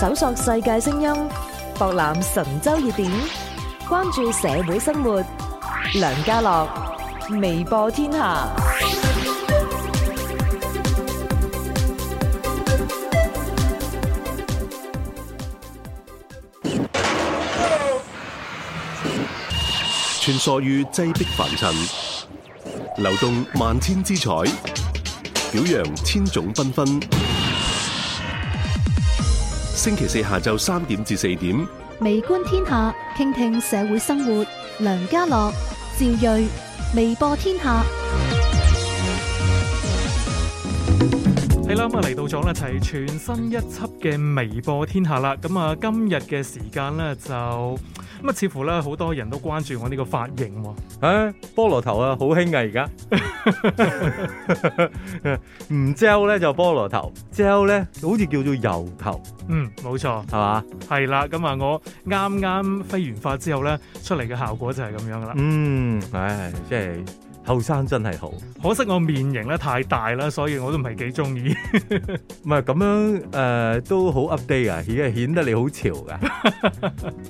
搜索世界聲音，博覽神州熱點，關注社會生活。梁家樂，微播天下。穿梭於擠迫凡塵，流動萬千姿彩，表揚千種繽紛。星期四下晝三點至四點，微觀天下，傾聽社會生活。梁家樂、趙瑞，微播天下。係啦，咁啊，嚟到咗咧就係全新一輯嘅微播天下啦。咁啊，今日嘅時間咧就咁啊，似乎咧好多人都關注我呢個髮型喎。菠蘿頭啊，好興噶而家，唔膠咧就菠蘿頭，膠咧好似叫做油頭。嗯，冇錯，係嘛？係啦，咁啊，我啱啱飛完髮之後咧，出嚟嘅效果就係咁樣噶啦。嗯，唉，即係。後生真係好，可惜我面型咧太大啦，所以我都唔係幾中意。唔係咁樣，誒都好 update 啊，顯顯得你好潮噶。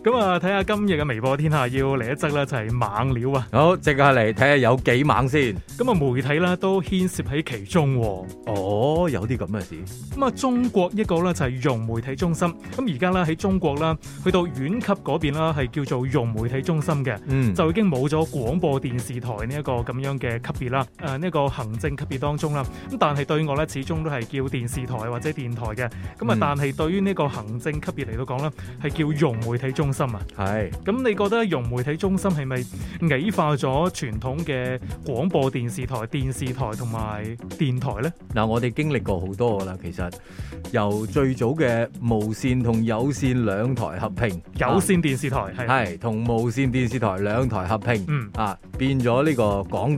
咁啊，睇下今日嘅微播天下要嚟一則啦，就係猛料啊！好、哦，即刻嚟睇下看看有幾猛先。咁啊、嗯，媒體啦都牽涉喺其中。哦，有啲咁嘅事。咁啊，中國一個咧就係融媒體中心。咁而家咧喺中國啦，去到縣級嗰邊啦，係叫做融媒體中心嘅。嗯，就已經冇咗廣播電視台呢一個咁樣。嗯嗯嗯嘅級別啦，誒、呃、呢、這個行政級別當中啦，咁但係對我咧，始終都係叫電視台或者電台嘅，咁啊、嗯，但係對於呢個行政級別嚟到講啦，係叫融媒體中心啊。係咁是、嗯、你覺得融媒體中心係咪矮化咗傳統嘅廣播電視台、電視台同埋電台咧？嗱、嗯，我哋經歷過好多噶啦，其實由最早嘅無線同有線兩台合併，有線電視台係同、啊、是無線電視台兩台合併嗯啊，變咗呢個。廣。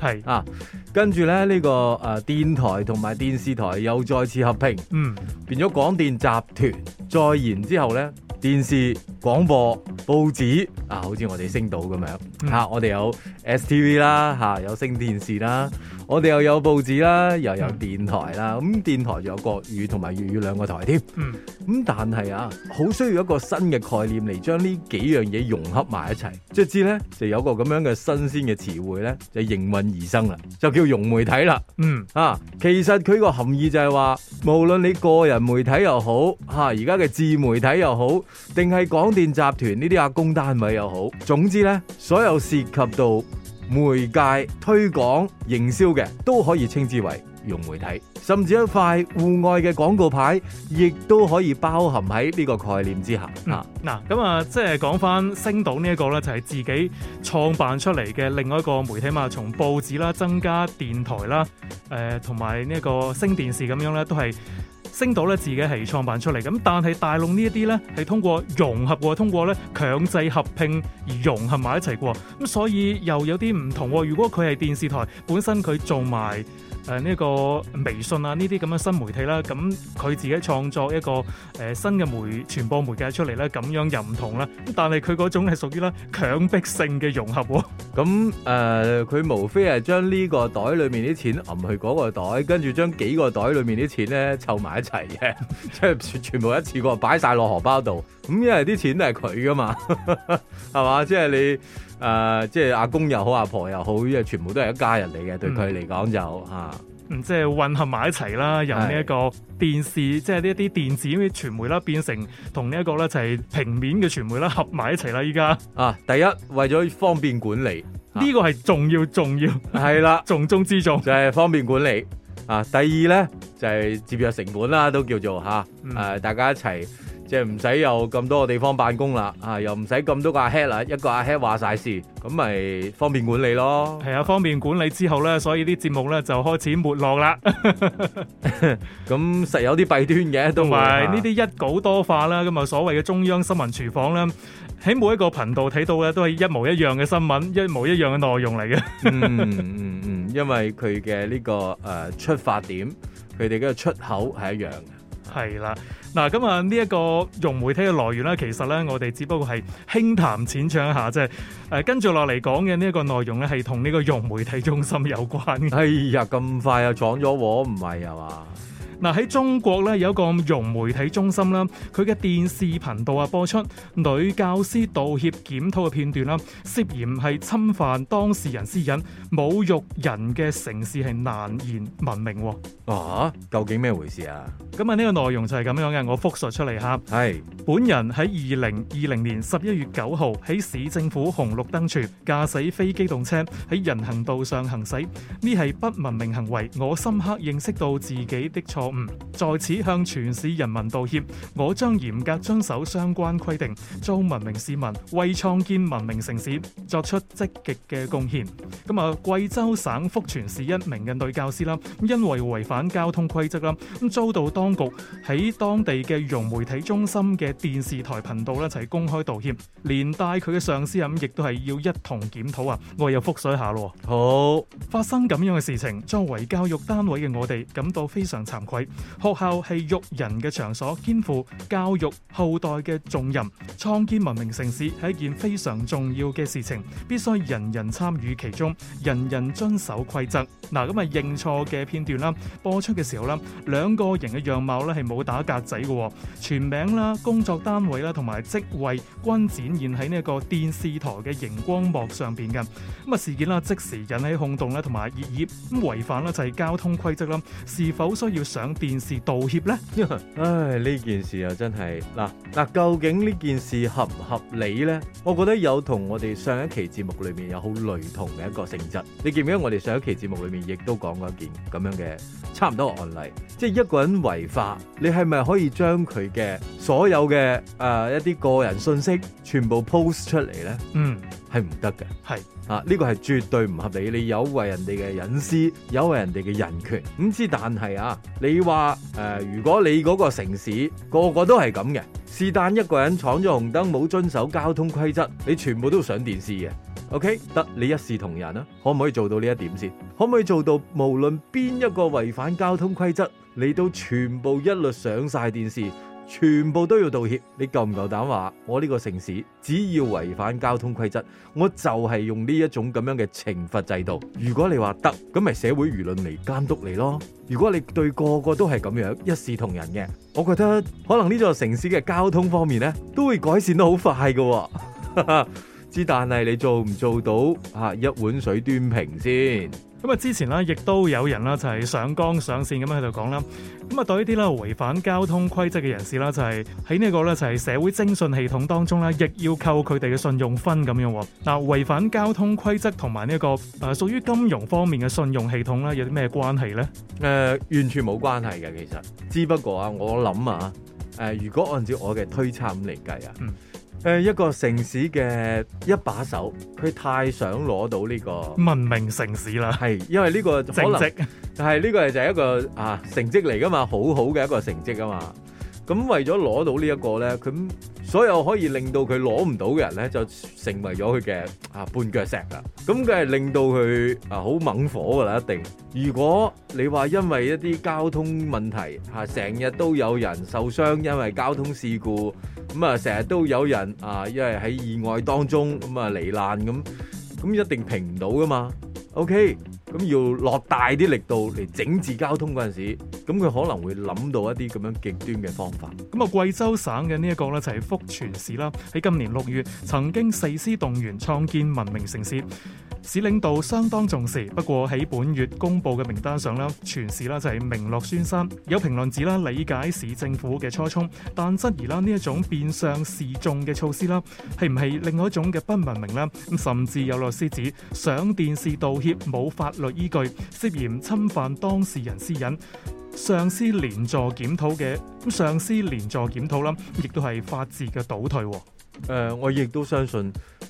係是啊，跟住咧呢、這個誒、啊、電台同埋電視台又再次合併，嗯，變咗廣電集團。再然之後咧，電視、廣播、報紙啊，好似我哋星島咁樣吓、嗯啊，我哋有 S T V 啦吓、啊，有星電視啦，我哋又有報紙啦，又有電台啦，咁、嗯嗯、電台仲有國語同埋粵語兩個台添。嗯，咁、嗯、但係啊，好需要一個新嘅概念嚟將呢幾樣嘢融合埋一齊，即係知呢，就有個咁樣嘅新鮮嘅詞彙呢，就營運。而生啦，就叫融媒體啦。嗯啊，其實佢個含義就係話，無論你個人媒體又好，吓而家嘅自媒體又好，定係廣電集團呢啲阿公單位又好，總之呢，所有涉及到媒介推廣、營銷嘅，都可以稱之為。融媒體，甚至一塊戶外嘅廣告牌，亦都可以包含喺呢個概念之下。嗱嗱、嗯，咁啊，即係講翻星島呢一個呢，就係、是、自己創辦出嚟嘅另外一個媒體嘛。從報紙啦，增加電台啦，誒、呃，同埋呢一個星電視咁樣呢，都係星島呢自己係創辦出嚟。咁但係大陸呢一啲呢，係通過融合，通過呢強制合併而融合埋一齊嘅。咁所以又有啲唔同。如果佢係電視台本身，佢做埋。誒呢、啊這個微信啊，呢啲咁嘅新媒體啦，咁、啊、佢自己創作一個誒、呃、新嘅媒傳播媒介出嚟咧，咁樣又唔同啦。但係佢嗰種係屬於咧強迫性嘅融合喎、啊。咁誒、嗯，佢、呃、無非係將呢個袋裏面啲錢揞去嗰個袋，跟住將幾個袋裏面啲錢咧湊埋一齊嘅，即 係全部一次過擺晒落荷包度。咁因為啲錢都係佢噶嘛，係 嘛？即、就、係、是、你。誒、呃，即係阿公又好，阿婆又好，依係全部都係一家人嚟嘅，對佢嚟講就吓，即、啊、係、嗯就是、混合埋一齊啦，由呢一個電視，即係呢一啲電子傳媒啦，變成同呢一個咧就係平面嘅傳媒啦，合埋一齊啦，依家啊，第一為咗方便管理，呢個係重要重要，係啦，啊、 重中之重就係方便管理啊。第二咧就係節約成本啦，都叫做吓誒、啊嗯呃，大家一齊。即係唔使有咁多個地方辦公啦。啊，又唔使咁多個阿 head 啦，一個阿 head 話晒事，咁咪方便管理咯。係啊，方便管理之後咧，所以啲節目咧就開始沒落啦。咁實有啲弊端嘅，同埋呢啲一稿多化啦。咁啊，所謂嘅中央新聞廚房咧，喺每一個頻道睇到嘅都係一模一樣嘅新聞，一模一樣嘅內容嚟嘅。嗯嗯嗯，因為佢嘅呢個誒、呃、出發點，佢哋嘅出口係一樣嘅。係啦，嗱，咁啊呢一個融媒體嘅來源咧，其實咧我哋只不過係輕談淺唱一下啫。誒、呃，跟住落嚟講嘅呢一個內容咧，係同呢個融媒體中心有關。哎呀，咁快又、啊、撞咗喎，唔係啊嘛？嗱，喺中國咧有一個融媒體中心啦，佢嘅電視頻道啊，播出女教師道歉檢討嘅片段啦，涉嫌係侵犯當事人私隱、侮辱人嘅城市係難言文明喎。啊，究竟咩回事啊？咁啊呢個內容就係咁樣嘅，我複述出嚟嚇。係本人喺二零二零年十一月九號喺市政府紅綠燈處駕駛非機動車喺人行道上行駛，呢係不文明行為，我深刻認識到自己的錯。嗯，在此向全市人民道歉，我將嚴格遵守相關規定，做文明市民，為創建文明城市作出積極嘅貢獻。咁啊，貴州省福泉市一名嘅女教師啦，因為違反交通規則啦，咁遭到當局喺當地嘅融媒體中心嘅電視台頻道咧，一齊公開道歉，連帶佢嘅上司咁亦都係要一同檢討啊！我又覆水下咯。好，發生咁樣嘅事情，作為教育單位嘅我哋感到非常慚愧。學校係育人嘅場所，肩負教育後代嘅重任。創建文明城市係一件非常重要嘅事情，必須人人參與其中，人人遵守規則。嗱，咁啊認錯嘅片段啦，播出嘅時候啦，兩個人嘅樣貌咧係冇打格仔嘅，全名啦、工作單位啦同埋職位均展現喺呢一個電視台嘅熒光幕上邊噶。咁啊事件啦即時引起轟動啦同埋熱議。咁違反啦就係交通規則啦，是否需要上？電視道歉呢， 唉，呢件事又真係嗱嗱，究竟呢件事合唔合理呢？我覺得有同我哋上一期節目裏面有好雷同嘅一個性質。你記唔記得我哋上一期節目裏面亦都講過一件咁樣嘅差唔多案例，即係一個人違法，你係咪可以將佢嘅所有嘅誒、呃、一啲個人信息全部 post 出嚟呢？嗯。係唔得嘅，係是啊呢個係絕對唔合理，你有違人哋嘅隱私，有違人哋嘅人權。唔知。但係啊，你話誒，如果你嗰個城市個個都係咁嘅，是但一個人闖咗紅燈冇遵守交通規則，你全部都上電視嘅，OK 得，你一視同仁啊，可唔可以做到呢一點先？可唔可以做到無論邊一個違反交通規則，你都全部一律上晒電視？全部都要道歉，你夠唔夠膽話？我呢個城市只要違反交通規則，我就係用呢一種咁樣嘅懲罰制度。如果你話得，咁咪社會輿論嚟監督你咯。如果你對個個都係咁樣一視同仁嘅，我覺得可能呢座城市嘅交通方面咧都會改善得好快噶。之 但係你做唔做到吓、啊、一碗水端平先？咁啊！之前咧，亦都有人啦，就係上綱上線咁樣喺度講啦。咁啊，對呢啲咧違反交通規則嘅人士啦，就係喺呢個咧就係社會徵信系統當中咧，亦要扣佢哋嘅信用分咁樣喎。嗱，違反交通規則同埋呢一個誒屬於金融方面嘅信用系統咧，有啲咩關係咧？誒、呃，完全冇關係嘅，其實。只不過啊，我諗啊，誒，如果按照我嘅推測嚟計啊。嗯誒一個城市嘅一把手，佢太想攞到呢個文明城市啦。係，因為呢個成績係呢個就係一個啊成績嚟噶嘛，好好嘅一個成績啊嘛。咁為咗攞到呢一個咧，咁所有可以令到佢攞唔到嘅人咧，就成為咗佢嘅啊半腳石啦。咁佢係令到佢啊好猛火噶啦，一定。如果你話因為一啲交通問題嚇，成日都有人受傷，因為交通事故咁啊，成日都有人啊，因為喺意外當中咁啊罹難咁，咁一定平唔到噶嘛。OK，咁要落大啲力度嚟整治交通嗰陣時。咁佢可能會諗到一啲咁樣極端嘅方法。咁啊，貴州省嘅呢一個呢，就係福泉市啦。喺今年六月，曾經誓師動員創建文明城市，市領導相當重視。不過喺本月公布嘅名單上啦，全市啦就係名落孫山。有評論指啦理解市政府嘅初衷，但質疑啦呢一種變相示眾嘅措施啦，係唔係另外一種嘅不文明咧？咁甚至有律師指上電視道歉冇法律依據，涉嫌侵犯當事人私隱。上司連坐檢討嘅，咁上司連坐檢討啦，亦都係法治嘅倒退。誒、呃，我亦都相信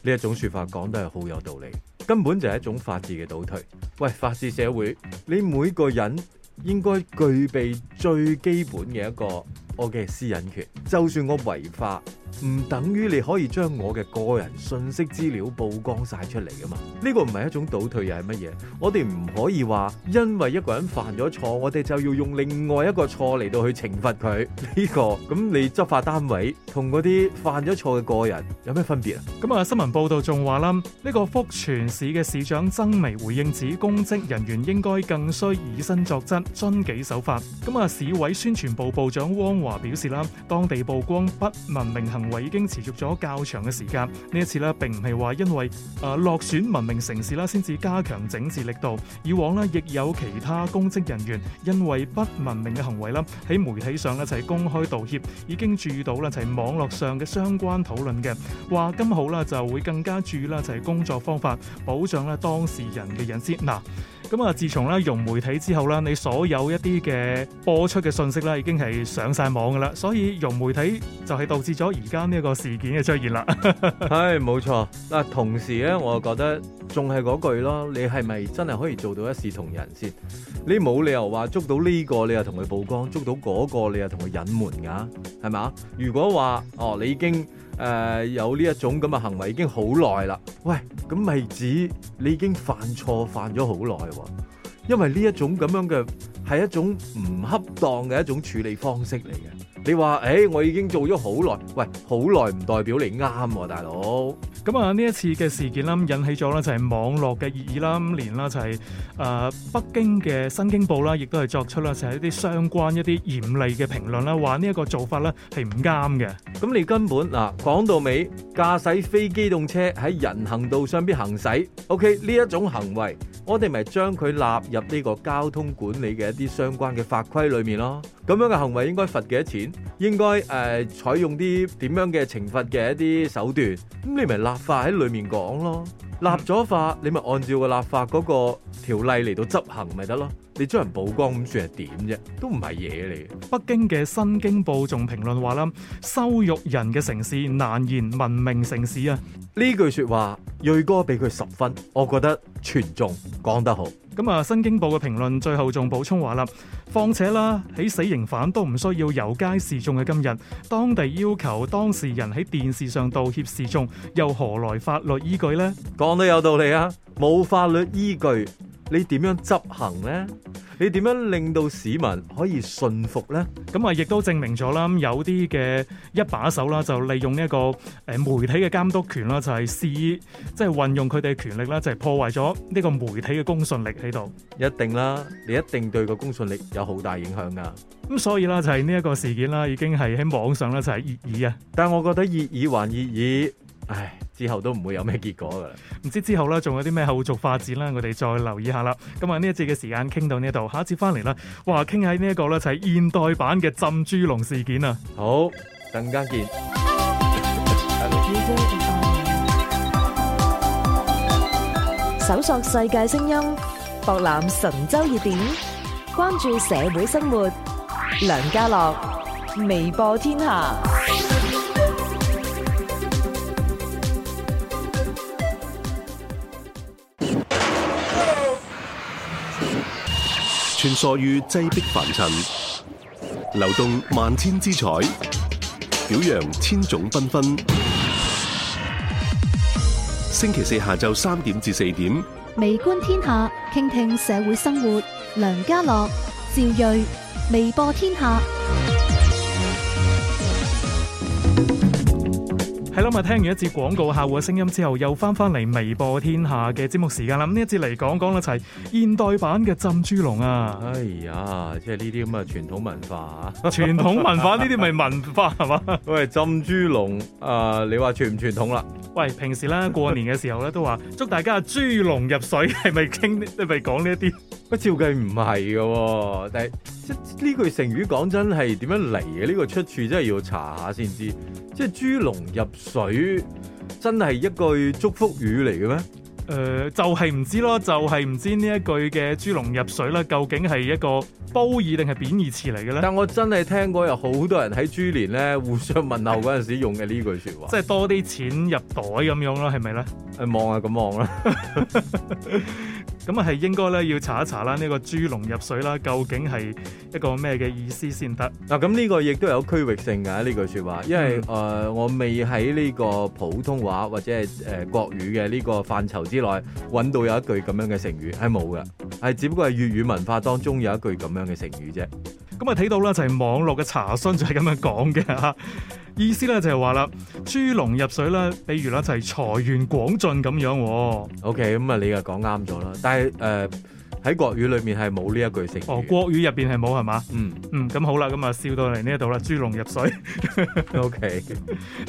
呢一種説法講得係好有道理，根本就係一種法治嘅倒退。喂，法治社會，你每個人應該具備最基本嘅一個。我嘅私隱權，就算我違法，唔等於你可以將我嘅個人信息資料曝光晒出嚟啊嘛！呢個唔係一種倒退，又係乜嘢？我哋唔可以話，因為一個人犯咗錯，我哋就要用另外一個錯嚟到去懲罰佢。呢個咁，你執法單位同嗰啲犯咗錯嘅個人有咩分別啊？咁啊，新聞報道仲話啦，呢個福泉市嘅市長曾薇回應指，公職人員應該更需以身作則，遵紀守法。咁啊，市委宣傳部部長汪表示啦，當地曝光不文明行為已經持續咗較長嘅時間。呢一次咧並唔係話因為誒、呃、落選文明城市啦，先至加強整治力度。以往咧亦有其他公職人員因為不文明嘅行為啦，喺媒體上呢就係、係、公開道歉，已經注意到啦，一、就、係、係、網絡上嘅相關討論嘅話，今後啦就會更加注意啦，一、就、係、係、工作方法，保障咧當事人嘅隱私嗱。咁啊！自從咧融媒體之後咧，你所有一啲嘅播出嘅信息咧，已經係上晒網噶啦。所以融媒體就係導致咗而家呢個事件嘅出現啦、哎。係冇錯嗱，同時咧，我覺得仲係嗰句咯，你係咪真係可以做到一視同仁先？你冇理由話捉到呢個，你又同佢曝光；捉到嗰個，你又同佢隱瞞噶，係咪啊？如果話哦，你已經。誒、呃、有呢一種咁嘅行為已經好耐啦，喂，咁咪指你已經犯錯犯咗好耐喎，因為呢一種咁樣嘅係一種唔恰當嘅一種處理方式嚟嘅。你話誒、哎，我已經做咗好耐，喂，好耐唔代表你啱，啊，大佬咁啊？呢一次嘅事件啦，引起咗咧就係網絡嘅熱議啦。今年啦就係、是、誒、呃、北京嘅《新京報》啦，亦都係作出啦就係一啲相關一啲嚴厲嘅評論啦，話呢一個做法咧係唔啱嘅。咁你根本嗱講到尾，駕駛非機動車喺人行道上邊行駛，ok 呢一種行為。我哋咪將佢納入呢個交通管理嘅一啲相關嘅法規裏面咯，咁樣嘅行為應該罰幾多錢？應該誒、呃、採用啲點樣嘅懲罰嘅一啲手段？咁、嗯、你咪立法喺裏面講咯，立咗法，你咪按照個立法嗰個條例嚟到執行咪得咯。你將人曝光咁算係點啫？都唔係嘢嚟。北京嘅《新京報》仲評論話啦：羞辱人嘅城市，難言文明城市啊！呢句説話，鋭哥俾佢十分，我覺得全中，講得好。咁啊，《新京報》嘅評論最後仲補充話啦：況且啦，喺死刑犯都唔需要遊街示眾嘅今日，當地要求當事人喺電視上道歉示眾，又何來法律依據呢？講得有道理啊！冇法律依據。你點樣執行呢？你點樣令到市民可以信服呢？咁啊，亦都證明咗啦，有啲嘅一把手啦，就利用呢一個誒媒體嘅監督權啦，就係試即係運用佢哋嘅權力啦，就係破壞咗呢個媒體嘅、就是、公信力喺度。一定啦，你一定對個公信力有好大影響㗎。咁所以啦，就係呢一個事件啦，已經係喺網上啦，就係熱議啊。但係我覺得熱議還熱議，唉。之後都唔會有咩結果㗎。唔知之後咧仲有啲咩後續發展啦？我哋再留意下啦。咁啊，呢一節嘅時間傾到呢度，下一節翻嚟啦，話傾喺呢一個咧，就係現代版嘅浸豬籠事件啊。好，陣間見。搜索世界聲音，博覽神州熱點，關注社會生活。梁家樂，微播天下。疏於擠逼凡塵，流動萬千姿彩，表揚千種繽紛。 星期四下晝三點至四點，微觀天下，傾聽社會生活。梁家樂、趙瑞，微播天下。係咯，咪聽完一節廣告客戶嘅聲音之後，又翻翻嚟《微播天下》嘅節目時間啦。咁呢一節嚟講講一齊現代版嘅浸豬籠啊！哎呀，即係呢啲咁嘅傳統文化啊！傳 統文化呢啲咪文化係嘛？喂，浸豬籠啊，你話傳唔傳統啦？喂，平時啦過年嘅時候咧都話祝大家豬籠入水，係咪傾？係咪講呢一啲？是照計唔係嘅，但係即係呢句成語講真係點樣嚟嘅？呢個出處真係要查下先知。即係豬籠入水，真係一句祝福語嚟嘅咩？誒，就係唔知咯，就係唔知呢一句嘅豬籠入水咧，究竟係一個褒義定係貶義詞嚟嘅咧？但我真係聽過有好多人喺豬年咧互相問候嗰陣時用嘅呢句説話，即係多啲錢入袋咁樣啦，係咪咧？誒望啊，咁望啦。 咁啊，係應該咧要查一查啦，呢個豬籠入水啦，究竟係一個咩嘅意思先得？嗱，咁呢個亦都有區域性㗎，呢句說話，因為誒、嗯呃、我未喺呢個普通話或者係誒國語嘅呢個範疇之內揾到有一句咁樣嘅成語，係冇㗎，係只不過係粵語文化當中有一句咁樣嘅成語啫。咁啊，睇到啦，就係、是、網絡嘅查詢就係咁樣講嘅嚇。 意思咧就係話啦，豬籠入水啦，比如啦就係財源廣進咁樣。OK，咁啊你又講啱咗啦，但係誒。呃喺國語裏面係冇呢一句聲。哦，國語入邊係冇係嘛？嗯嗯，咁好啦，咁啊笑到嚟呢度啦，豬籠入水。O K，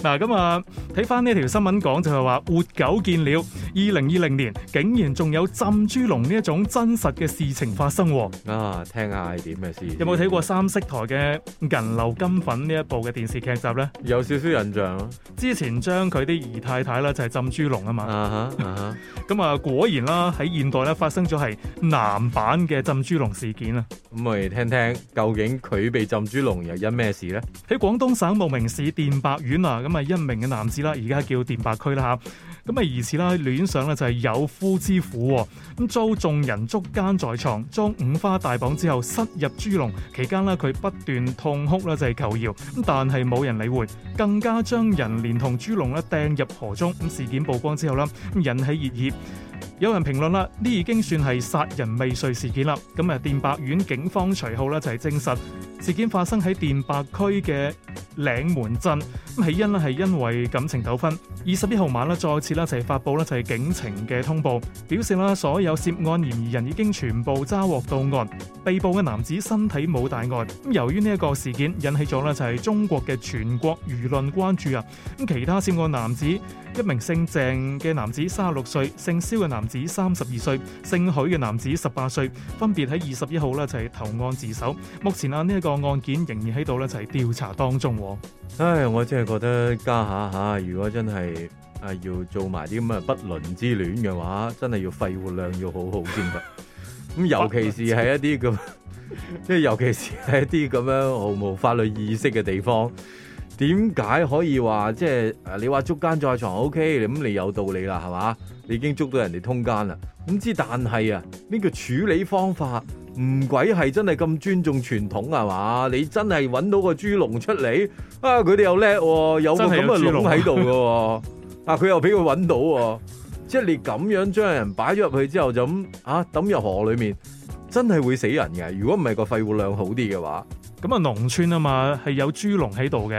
嗱咁啊，睇翻呢條新聞講就係話活久見了，二零二零年竟然仲有浸豬籠呢一種真實嘅事情發生喎。啊，聽下係點嘅先？有冇睇過三色台嘅《銀樓金粉》呢一部嘅電視劇集咧？有少少印象咯。之前將佢啲姨太太咧就係浸豬籠啊嘛。啊哈啊哈。咁啊，果然啦，喺現代咧發生咗係難。男版嘅浸豬籠事件啊，咁我哋聽聽究竟佢被浸豬籠又因咩事呢？喺廣東省茂名市電白縣啊，咁啊一名嘅男子啦，而家叫電白區啦嚇，咁啊疑似啦戀上咧就係有夫之婦，咁遭眾人捉奸在床，將五花大綁之後塞入豬籠，期間呢，佢不斷痛哭啦，就係、是、求饒。咁但係冇人理會，更加將人連同豬籠呢掟入河中。咁事件曝光之後啦，引起熱議。有人評論啦，呢已經算係殺人未遂事件啦。咁啊，電白縣警方隨後呢，就係證實，事件發生喺電白區嘅嶺門鎮。咁起因咧係因為感情糾紛。二十一號晚啦，再次啦就係發佈啦就係警情嘅通報，表示啦所有涉案嫌疑人已經全部抓獲到案。被捕嘅男子身體冇大礙。咁由於呢一個事件引起咗啦就係中國嘅全國輿論關注啊。咁其他涉案男子，一名姓鄭嘅男子，三十六歲，姓肖嘅男子三十二歲，姓許嘅男子十八歲，分別喺二十一號呢就係、是、投案自首。目前啊呢一、這個案件仍然喺度呢，就係、是、調查當中、啊。唉，我真係覺得家下吓，如果真係啊要做埋啲咁嘅不倫之戀嘅話，真係要肺活量要好好先得。咁 尤其是係一啲咁，即係 尤其是係一啲咁樣毫無法律意識嘅地方。點解可以話即係誒？你話捉奸在床 OK，咁你有道理啦，係嘛？你已經捉到人哋通奸啦。唔知但係啊，呢個處理方法唔鬼係真係咁尊重傳統啊嘛？你真係搵到個豬籠出嚟啊！佢哋又叻，有個咁嘅籠喺度嘅，啊佢又俾佢搵到， 即係你咁樣將人擺咗入去之後就咁啊抌入河裏面，真係會死人嘅。如果唔係個肺活量好啲嘅話。咁啊，農村啊嘛，係有豬籠喺度嘅。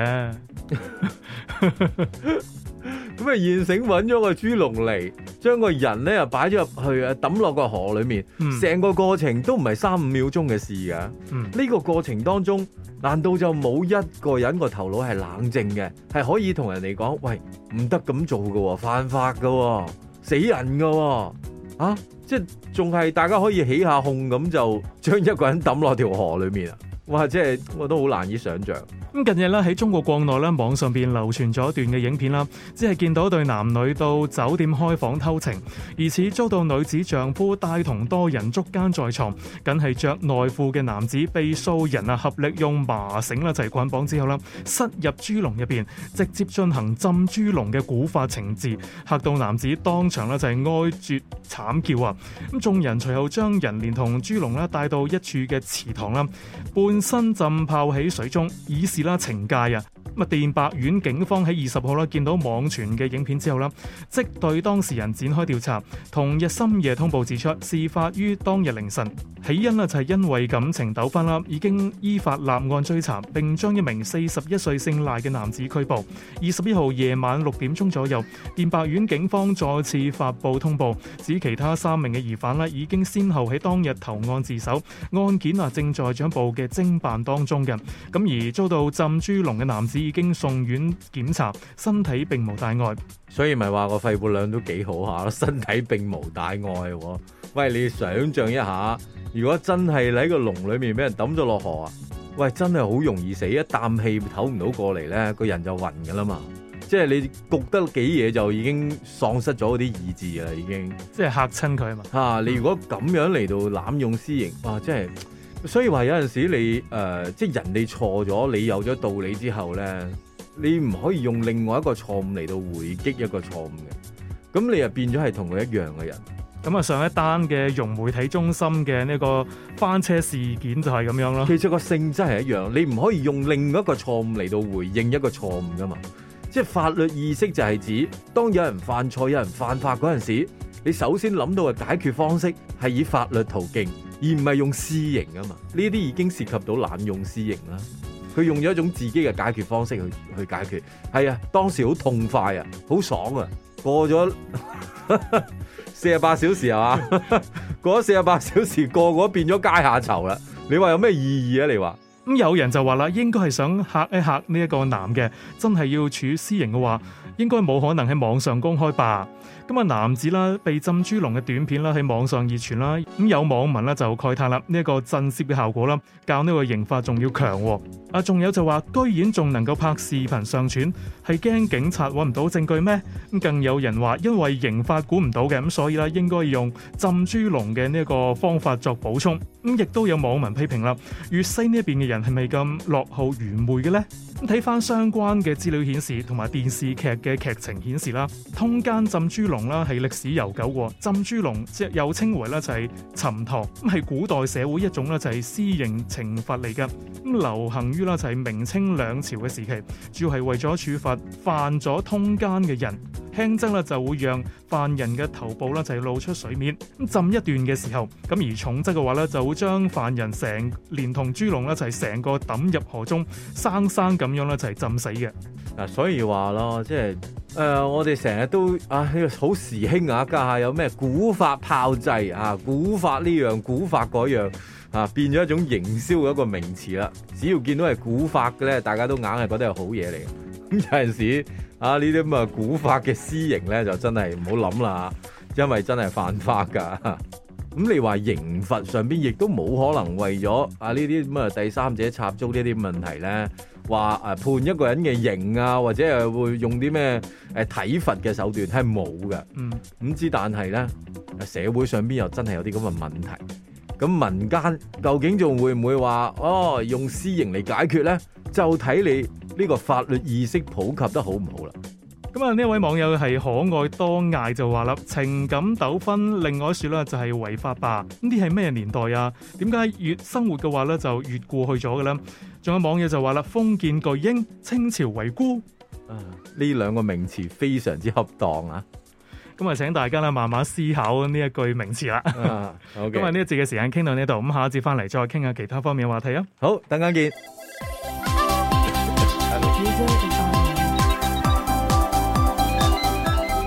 咁啊，現成揾咗個豬籠嚟，將個人咧又擺咗入去啊，抌落個河裏面。成、嗯、個過程都唔係三五秒鐘嘅事嘅。呢、嗯、個過程當中，難道就冇一個人個頭腦係冷靜嘅，係可以同人哋講：喂，唔得咁做嘅，犯法嘅，死人嘅。啊，即係仲係大家可以起下哄咁，就將一個人抌落條河裏面啊！哇！即係我都好難以想象。咁近日咧，喺中國國內咧，網上邊流傳咗一段嘅影片啦，只係見到一對男女到酒店開房偷情，疑似遭到女子丈夫帶同多人捉奸在床，緊係着內褲嘅男子被數人啊合力用麻繩啦一齊捆綁之後啦，塞入豬籠入邊，直接進行浸豬籠嘅古法情節，嚇到男子當場啦就係哀絕慘叫啊！咁眾人隨後將人連同豬籠啦帶到一處嘅池塘，啦，半身浸泡喺水中，以示。啦，懲戒啊！麥電白縣警方喺二十號啦，見到網傳嘅影片之後啦，即對當事人展開調查。同日深夜通報指出，事發於當日凌晨，起因啦就係因為感情糾紛啦，已經依法立案追查，並將一名四十一歲姓賴嘅男子拘捕。二十一號夜晚六點鐘左右，電白縣警方再次發佈通報，指其他三名嘅疑犯啦已經先後喺當日投案自首，案件啊正在進一步嘅偵辦當中嘅。咁而遭到浸豬籠嘅男子。已經送院檢查，身體並無大礙，所以咪話個肺活量都幾好下啊，身體並無大礙啊。喂，你想象一下，如果真係喺個籠裏面俾人抌咗落河啊，喂，真係好容易死，一啖氣唞唔到過嚟咧，個人就暈噶啦嘛，即係你焗得幾嘢就已經喪失咗嗰啲意志啦，已經。即係嚇親佢啊嘛。吓，你如果咁樣嚟到濫用私刑，哇，即係。所以話有陣時你誒、呃、即係人哋錯咗，你有咗道理之後呢，你唔可以用另外一個錯誤嚟到回擊一個錯誤嘅，咁你又變咗係同佢一樣嘅人。咁啊，上一單嘅融媒體中心嘅呢個翻車事件就係咁樣啦。其實個性質係一樣，你唔可以用另外一個錯誤嚟到回應一個錯誤㗎嘛。即係法律意識就係指當有人犯錯、有人犯法嗰陣時，你首先諗到嘅解決方式係以法律途徑。而唔係用私刑啊嘛，呢啲已經涉及到濫用私刑啦。佢用咗一種自己嘅解決方式去去解決，係啊，當時好痛快啊，好爽啊，過咗四十八小時啊嘛， 過咗四十八小時，個個變咗街下囚啦。你話有咩意義啊？你話咁有人就話啦，應該係想嚇一嚇呢一個男嘅，真係要處私刑嘅話，應該冇可能喺網上公開吧？咁啊男子啦被浸豬籠嘅短片啦喺網上熱傳啦，咁有網民啦就慨嘆啦，呢、這、一個震懾嘅效果啦，較呢個刑法仲要強喎。啊，仲有就話居然仲能夠拍視頻上傳，係驚警察揾唔到證據咩？咁更有人話因為刑法估唔到嘅，咁所以咧應該用浸豬籠嘅呢一個方法作補充。咁亦都有網民批評啦，粵西呢一邊嘅人係咪咁落後愚昧嘅呢？咁睇翻相關嘅資料顯示同埋電視劇嘅劇情顯示啦，通奸浸豬籠。龍啦係歷史悠久，浸豬籠即又稱為啦就係沉塘，咁係古代社會一種咧就係私刑懲罰嚟嘅，咁流行於啦就係明清兩朝嘅時期，主要係為咗處罰犯咗通奸嘅人，輕則啦就會讓犯人嘅頭部啦就係露出水面，咁浸一段嘅時候，咁而重則嘅話咧就會將犯人成連同豬籠啦就係成個抌入河中，生生咁樣咧就係浸死嘅。嗱，所以話咯，即係。誒、呃，我哋成日都啊，呢個好時興啊，家下有咩古法炮製啊，古法呢、這、樣、個、古法嗰、那、樣、個、啊，變咗一種營銷嘅一個名詞啦。只要見到係古法嘅咧，大家都硬係覺得係好嘢嚟。咁有陣時啊，呢啲咁啊古法嘅私刑咧，就真係唔好諗啦，因為真係犯法㗎。咁、啊啊、你話刑罰上邊亦都冇可能為咗啊呢啲咁啊第三者插足呢啲問題咧。話誒判一個人嘅刑啊，或者係會用啲咩誒體罰嘅手段係冇嘅，嗯、唔知，但係咧社會上邊又真係有啲咁嘅問題，咁民間究竟仲會唔會話哦用私刑嚟解決咧？就睇你呢個法律意識普及得好唔好啦。咁啊呢位網友係可愛多嗌，就話啦，情感糾紛另外一說啦就係違法吧，呢啲係咩年代啊？點解越生活嘅話咧就越過去咗嘅咧？仲有網友就話啦，封建巨嬰，清朝遺孤。啊，呢兩個名詞非常之恰當啊！咁啊，請大家啦，慢慢思考呢一句名詞啦。啊，好，咁啊，呢一節嘅時間傾到呢度，咁下一節翻嚟再傾下其他方面嘅話題啊。好，等陣見。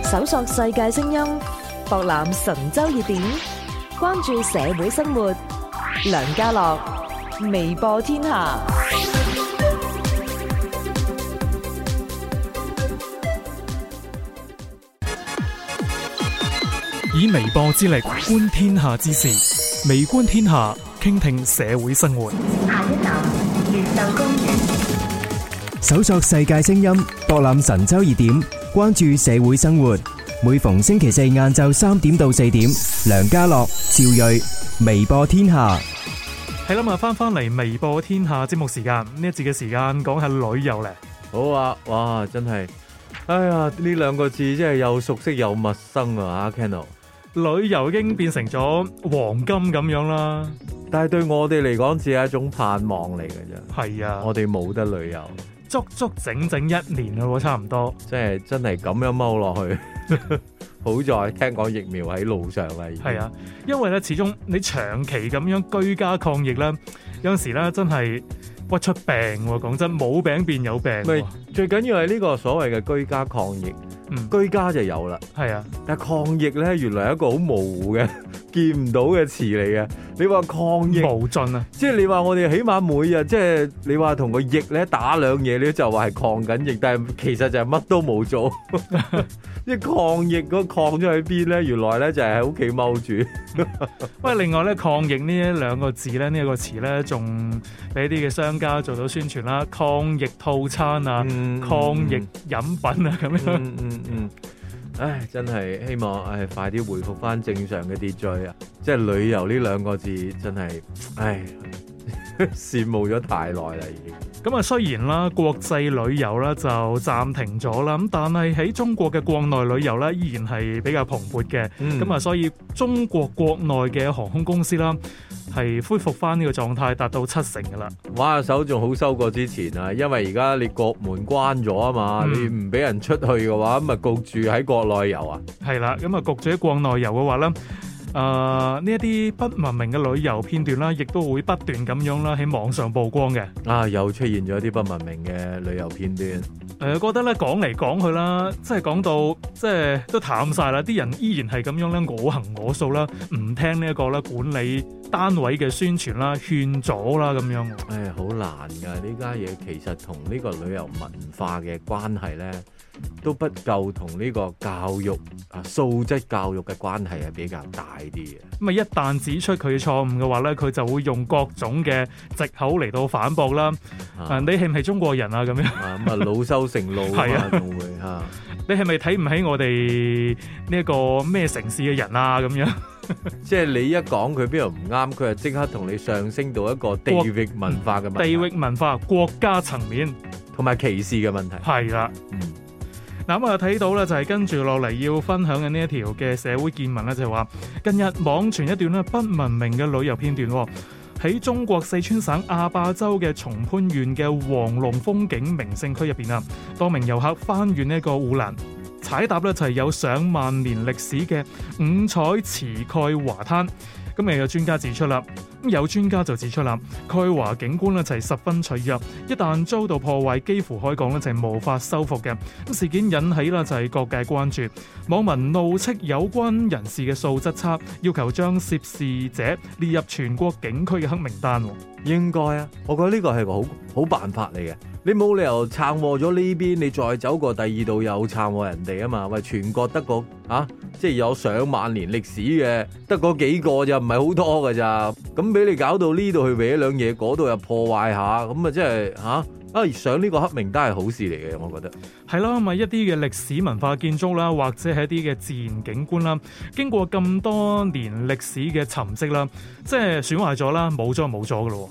搜索世界聲音，博覽神州熱點，關注社會生活。梁家樂，微播天下。以微博之力觀天下之事，微播天下，傾聽社會生活。下一集《越秀公園》，搜索世界聲音，博覽神州熱點，關注社會生活。每逢星期四晏晝三點到四點，梁家樂、趙睿，微播天下。係啦，咁啊，翻翻嚟，微播天下節目時間，呢一節嘅時間講下旅遊咧。好啊，哇，真係，哎呀，呢兩個字真係又熟悉又陌生啊，啊，Canal。旅遊已經變成咗黃金咁樣啦，但係對我哋嚟講只係一種盼望嚟嘅啫。係啊，我哋冇得旅遊，足足整整一年咯，差唔多。即係真係咁樣踎落去， 好在聽講疫苗喺路上喇。係啊，因為咧，始終你長期咁樣居家抗疫咧，有陣時咧真係屈出病，啊。講真，冇病變有病，啊。最緊要係呢個所謂嘅居家抗疫。居家就有啦，係啊，但係抗疫咧，原來係一個好模糊嘅。 見唔到嘅詞嚟嘅，你話抗疫無盡啊？即係你話我哋起碼每日即係你話同個疫咧打兩嘢你就話係抗緊疫，但係其實就係乜都冇做。即係 抗疫嗰抗咗喺邊咧？原來咧就係喺屋企踎住。喂， 另外咧抗疫呢兩個字咧，這個、詞呢個詞咧，仲俾啲嘅商家做到宣傳啦，抗疫套餐啊，嗯、抗疫飲品啊咁樣。唉，真係希望唉，快啲回復翻正常嘅秩序啊！即係旅遊呢兩個字真係，唉。羨慕咗太耐啦，已經咁啊！雖然啦，國際旅遊咧就暫停咗啦，咁但係喺中國嘅國內旅遊呢依然係比較蓬勃嘅。咁啊、嗯，所以中國國內嘅航空公司啦，係恢復翻呢個狀態，達到七成噶啦。玩下手仲好收過之前啊，因為而家你國門關咗啊嘛，嗯、你唔俾人出去嘅話，咁咪焗住喺國內遊啊？係啦，咁啊，焗住喺國內遊嘅話呢。啊！呢一啲不文明嘅旅遊片段啦，亦都會不斷咁樣啦喺網上曝光嘅。啊！又出現咗一啲不文明嘅旅遊片段。誒、呃，覺得咧講嚟講去啦，即係講到即係都淡晒啦，啲人依然係咁樣咧，我行我素啦，唔聽呢一個啦管理單位嘅宣傳啦，勸阻啦咁樣。誒、哎，好難㗎！呢家嘢其實同呢個旅遊文化嘅關係咧。都不夠同呢個教育，啊，素質教育嘅關係係比較大啲嘅。咁啊一旦指出佢錯誤嘅話咧，佢就會用各種嘅借口嚟到反駁啦，啊，啊你係唔係中國人啊？咁樣，啊咁啊惱羞成怒係啊仲會吓、啊、你係咪睇唔起我哋呢一個咩城市嘅人啊？咁樣，即係你一講佢邊度唔啱佢，就即刻同你上升到一個地域文化嘅問題，地域文化國家層面，同埋歧視嘅問題，係啦嗯。咁啊，睇到啦，就係跟住落嚟，要分享嘅呢一條嘅社會見聞咧，就係話近日網傳一段咧不文明嘅旅遊片段，喺中國四川省阿壩州嘅松潘縣嘅黃龍風景名勝區入邊啊，多名遊客翻越呢一個護欄，踩踏咧就係有上萬年歷史嘅五彩池鈣華灘，咁啊有專家指出啦。有專家就指出啦，蓋華景觀咧就係、是、十分脆弱，一旦遭到破壞，幾乎可以講咧就係、是、無法修復嘅。咁事件引起啦就係各界關注，網民怒斥有關人士嘅素質差，要求將涉事者列入全國景區嘅黑名單。應該啊，我覺得呢個係個好好辦法嚟嘅。你冇理由撐和咗呢邊，你再走過第二度又撐和人哋啊嘛？喂，全國得個嚇，即係有上萬年歷史嘅，得嗰幾個就唔係好多噶咋？咁俾你搞到呢度去搲兩嘢，嗰度又破壞下，咁啊即係嚇啊！哎、上呢個黑名單係好事嚟嘅，我覺得係咯，咪、就係、一啲嘅歷史文化建築啦，或者係一啲嘅自然景觀啦，經過咁多年歷史嘅沉積啦，即係損壞咗啦，冇咗就冇咗噶咯。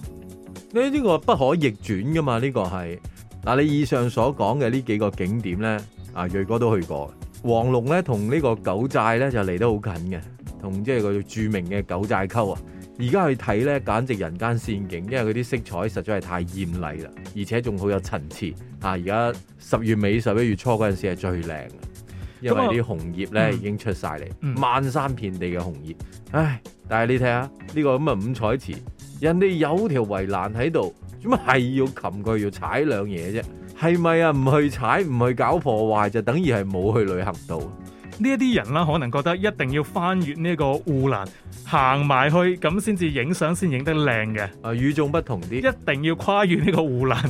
呢呢個不可逆轉噶嘛？呢、這個係嗱，你以上所講嘅呢幾個景點呢，啊，瑞哥都去過。黃龍呢，同呢個九寨呢，就離得好近嘅，同即係個著名嘅九寨溝啊。而家去睇呢，簡直人間仙境，因為佢啲色彩實在係太豔麗啦，而且仲好有層次啊，而家十月尾十一月初嗰陣時係最靚嘅，因為啲紅葉呢、嗯、已經出晒嚟，漫山、嗯、遍地嘅紅葉。唉，但係你睇下呢個咁嘅五彩池。人哋有條圍欄喺度，做乜係要擒佢要踩兩嘢啫？係咪啊？唔去踩，唔去搞破壞，就等於係冇去旅行到。呢一啲人啦，可能覺得一定要翻越呢個護欄行埋去咁先至影相，先影得靚嘅。啊，與眾不同啲，一定要跨越呢個護欄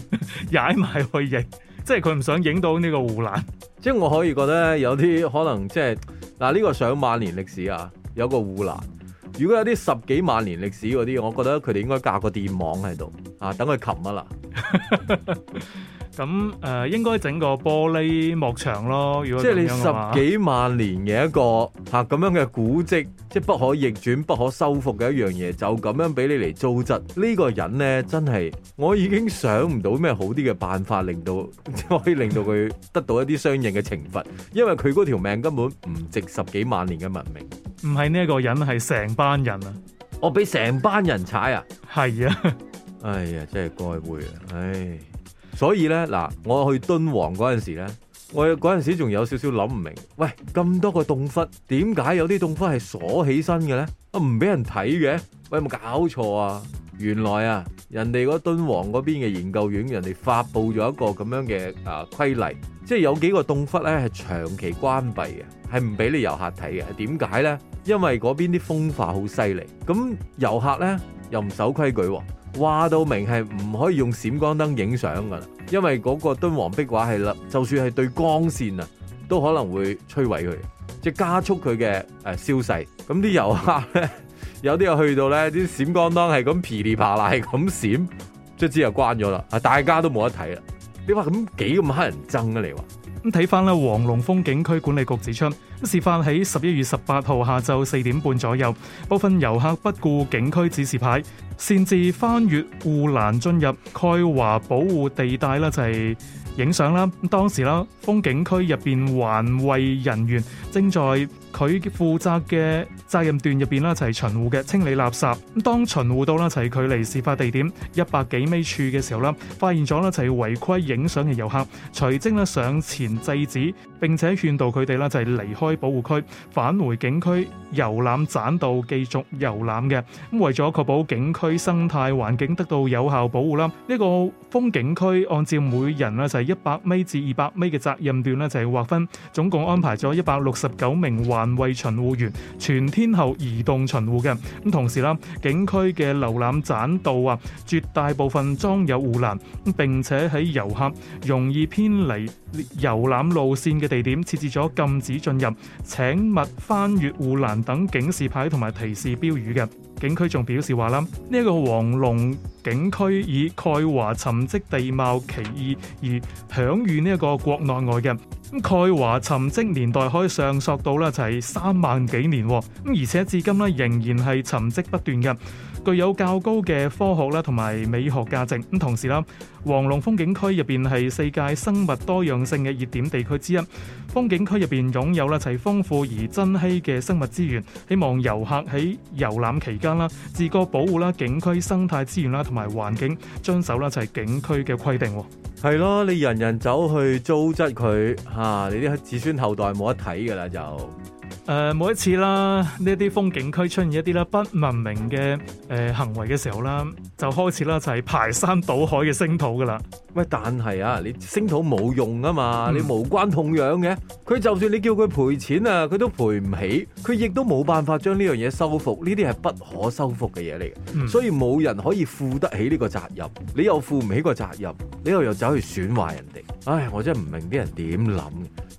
踩埋去影，即係佢唔想影到呢個護欄， 即係我可以覺得有啲可能、就是，即係嗱，呢、呢個上萬年歷史啊，有個護欄。如果有啲十幾萬年歷史嗰啲，我覺得佢哋應該架個電網喺度啊，等佢冚啊啦。咁誒、 呃，應該整個玻璃幕牆咯。即係你十幾萬年嘅一個嚇咁、啊、樣嘅古蹟，即係不可逆轉、不可修復嘅一樣嘢，就咁樣俾你嚟糟質呢個人呢，真係我已經想唔到咩好啲嘅辦法，令到即可以令到佢得到一啲相應嘅懲罰，因為佢嗰條命根本唔值十幾萬年嘅文明。唔係呢一個人，係成班人啊！我俾成班人踩啊！係啊哎呀！哎呀，真係該煨啊！唉，所以咧嗱，我去敦煌嗰陣時咧，我嗰陣時仲有少少諗唔明，喂，咁多個洞窟點解有啲洞窟係鎖起身嘅咧？啊，唔俾人睇嘅？喂，有冇搞錯啊？原來啊，人哋嗰敦煌嗰邊嘅研究院，人哋發布咗一個咁樣嘅啊規例，即係有幾個洞窟咧係長期關閉嘅。係唔俾你遊客睇嘅？點解咧？因為嗰邊啲風化好犀利，咁遊客咧又唔守規矩喎。話到明係唔可以用閃光燈影相噶啦，因為嗰個敦煌壁畫係啦，就算係對光綫啊，都可能會摧毀佢，即係加速佢嘅誒消逝。咁啲遊客咧， 有啲又去到咧啲閃光燈係咁噼里啪啦係咁閃，卒之又關咗啦，大家都冇得睇啦。你話咁幾咁乞人憎啊？你話？咁睇翻咧，黃龍風景區管理局指出，事發喺十一月十八號下晝四點半左右，部分遊客不顧景區指示牌，擅自翻越護欄進入鈣華保護地帶啦，就係影相啦。咁當時啦，風景區入邊環衛人員正在。佢負責嘅責任段入邊呢，就係巡護嘅清理垃圾。當巡護到呢，就係距離事發地點一百幾米處嘅時候呢，發現咗呢，就係違規影相嘅遊客，隨即呢上前制止，並且勸導佢哋呢就係離開保護區，返回景區遊覽棧道繼續遊覽嘅。咁為咗確保景區生態環境得到有效保護啦，呢個風景區按照每人呢就係一百米至二百米嘅責任段呢就係劃分，總共安排咗一百六十九名環。環衛巡護員全天候移動巡護嘅，咁同時啦，景區嘅遊覽棧道啊，絕大部分裝有護欄，並且喺遊客容易偏離遊覽路線嘅地點設置咗禁止進入、請勿翻越護欄等警示牌同埋提示標語嘅。景區仲表示話啦，呢、這、一個黃龍景區以鈣華沉積地貌奇異而享譽呢一個國內外嘅，咁鈣華沉積年代可以上溯到呢就係三萬幾年咁，而且至今呢仍然係沉積不斷嘅。具有較高嘅科學啦同埋美學價值咁，同時啦，黃龍風景區入邊係世界生物多樣性嘅熱點地區之一，風景區入邊擁有啦一齊豐富而珍稀嘅生物資源，希望遊客喺遊覽期間啦，自覺保護啦景區生態資源啦同埋環境，遵守啦一齊景區嘅規定。係咯，你人人走去糟質佢吓，你啲子孫後代冇得睇㗎喇就。誒、呃，每一次啦，呢啲風景區出現一啲啦不文明嘅誒行為嘅時候啦，就開始啦就係排山倒海嘅聲討噶啦。喂，但係啊，你聲討冇用啊嘛，嗯、你無關痛癢嘅，佢就算你叫佢賠錢啊，佢都賠唔起，佢亦都冇辦法將呢樣嘢修復，呢啲係不可修復嘅嘢嚟嘅，嗯、所以冇人可以負得起呢個責任，你又負唔起個責任，你又又走去損壞人哋，唉，我真係唔明啲人點諗。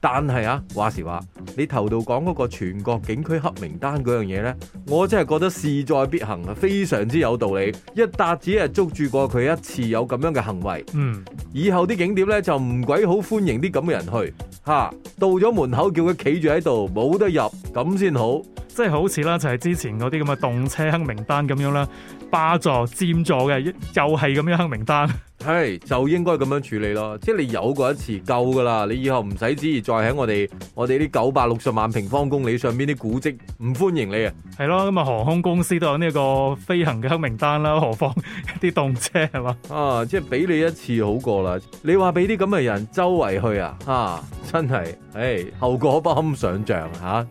但係啊，話時話，你頭度講嗰個全國景區黑名單嗰樣嘢呢，我真係覺得勢在必行啊，非常之有道理。一搭子係捉住過佢一次有咁樣嘅行為，嗯，以後啲景點呢，就唔鬼好歡迎啲咁嘅人去，吓、啊、到咗門口叫佢企住喺度，冇得入咁先好，即係好似啦，就係之前嗰啲咁嘅動車黑名單咁樣啦，霸座佔座嘅，又係咁樣黑名單。係、hey，就應該咁樣處理咯，即係你有過一次夠噶啦，你以後唔使旨意再喺我哋我哋啲九百六十萬平方公里上邊啲古蹟唔歡迎你啊！係咯，咁啊航空公司都有呢個飛行嘅黑名單啦，何況一啲動車係嘛？啊，即係俾你一次好過啦，你話俾啲咁嘅人周圍去啊，啊，真係，誒，後果不堪想象吓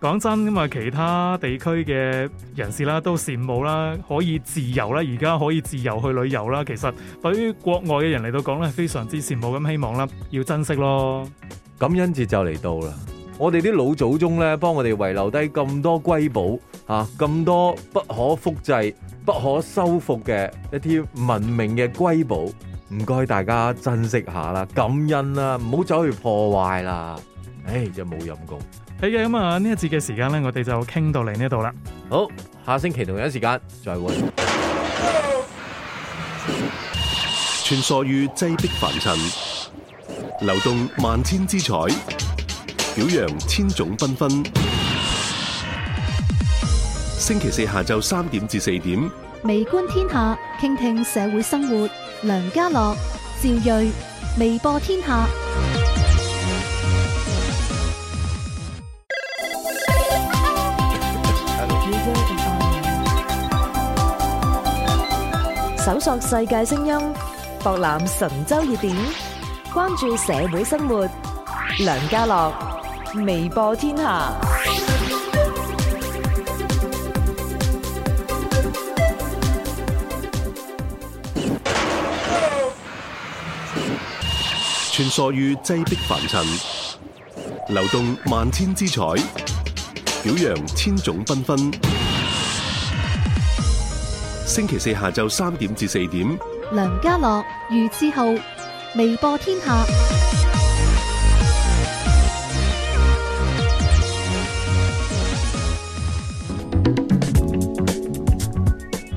講真因為，其他地區嘅人士啦，都羨慕啦，可以自由啦，而家可以自由去旅遊啦。其實對於國外嘅人嚟到講咧，非常之羨慕咁，希望啦，要珍惜咯。感恩節就嚟到啦，我哋啲老祖宗咧，幫我哋遺留低咁多瑰寶啊，咁多不可複製、不可修復嘅一啲文明嘅瑰寶，唔該大家珍惜下啦，感恩啦、啊，唔好走去破壞啦。誒、哎，就冇陰功。係嘅，咁啊呢一節嘅時間咧，我哋就傾到嚟呢度啦。好，下星期同一時間再會。穿梭於擠逼凡塵，流動萬千之彩，表揚千種繽紛。星期四下晝三點至四點，微觀天下，傾聽社會生活。梁家樂、趙睿，微播天下。搜索世界聲音，博覽神州熱點，關注社會生活。梁家樂，微播天下。穿梭於擠逼凡塵，流動萬千姿彩，表揚千種繽紛。星期四下晝三點至四點，梁家樂、余志浩，微播天下。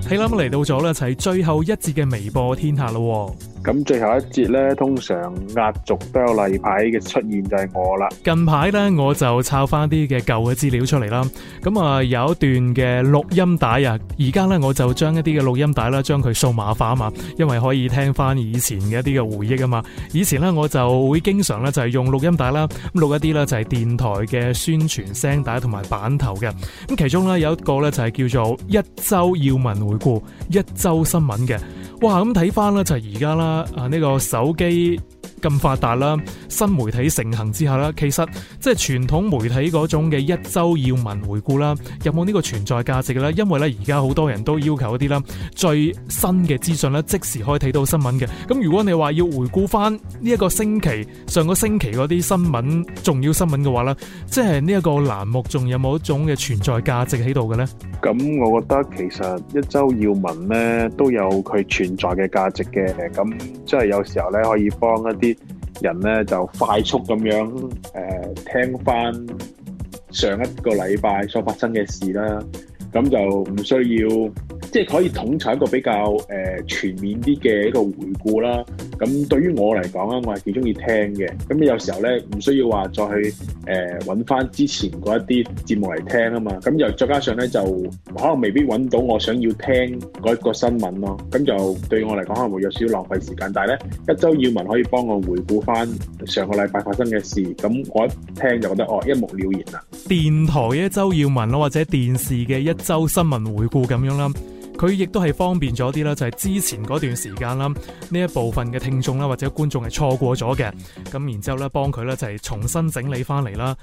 係啦，咁嚟到咗咧，就係最後一節嘅微播天下咯。咁最後一節咧，通常壓軸都有例牌嘅出現就係我啦。近排咧，我就抄翻啲嘅舊嘅資料出嚟啦。咁啊，有一段嘅錄音帶啊，而家咧我就將一啲嘅錄音帶啦，將佢數碼化啊嘛，因為可以聽翻以前嘅一啲嘅回憶啊嘛。以前咧，我就會經常咧就係、是、用錄音帶啦，錄一啲啦就係、是、電台嘅宣傳聲帶同埋版頭嘅。咁其中咧有一個咧就係、是、叫做《一周要聞回顧》《一周新聞》嘅。哇，咁睇翻咧就係而家啦。啊！呢個手機。咁發達啦，新媒體盛行之下啦，其實即係傳統媒體嗰種嘅一周要聞回顧啦，有冇呢個存在價值嘅咧？因為咧，而家好多人都要求一啲啦，最新嘅資訊咧，即時可以睇到新聞嘅。咁如果你話要回顧翻呢一個星期，上個星期嗰啲新聞、重要新聞嘅話咧，即係呢一個欄目，仲有冇一種嘅存在價值喺度嘅咧？咁我覺得其實一周要聞咧都有佢存在嘅價值嘅。咁即係有時候咧可以幫一啲。人呢就快速咁樣誒、呃、聽翻上一個禮拜所發生嘅事啦，咁就唔需要即係可以統籌一個比較誒、呃、全面啲嘅一個回顧啦。咁對於我嚟講啊，我係幾中意聽嘅。咁有時候咧，唔需要話再去誒揾翻之前嗰一啲節目嚟聽啊嘛。咁又再加上咧，就可能未必揾到我想要聽嗰一個新聞咯。咁就對我嚟講，可能會有少少浪費時間。但係咧，一周要聞可以幫我回顧翻上個禮拜發生嘅事。咁我一聽就覺得，哦，一目了然啦。電台嘅一周要聞咯，或者電視嘅一周新聞回顧咁樣啦。佢亦都係方便咗啲啦，就係之前嗰段時間啦，呢一部分嘅聽眾啦或者觀眾係錯過咗嘅，咁然之後咧幫佢咧就係重新整理翻嚟啦。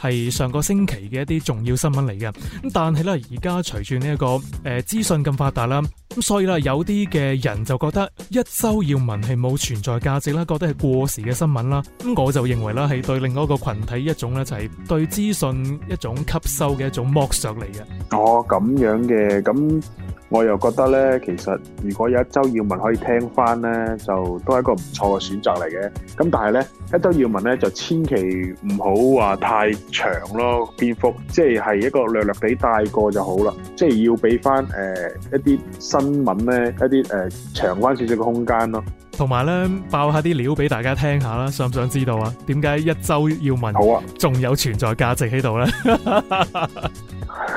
係上個星期嘅一啲重要新聞嚟嘅，咁但係咧而家隨住呢一個誒、呃、資訊咁發達啦，咁所以咧有啲嘅人就覺得一周要聞係冇存在價值啦，覺得係過時嘅新聞啦，咁、嗯、我就認為咧係對另外一個群體一種咧就係、是、對資訊一種吸收嘅一種剝削嚟嘅。哦，咁樣嘅，咁我又覺得咧，其實如果有一周要聞可以聽翻咧，就都係一個唔錯嘅選擇嚟嘅。咁但係咧一周要聞咧就千祈唔好話太。長咯，篇幅即係一個略略地帶過就好啦，即係要俾翻誒一啲新聞咧，一啲誒、呃、長翻少少嘅空間咯。同埋咧，爆下啲料俾大家聽下啦，想唔想知道啊？點解一周要問好啊？仲有存在價值喺度咧？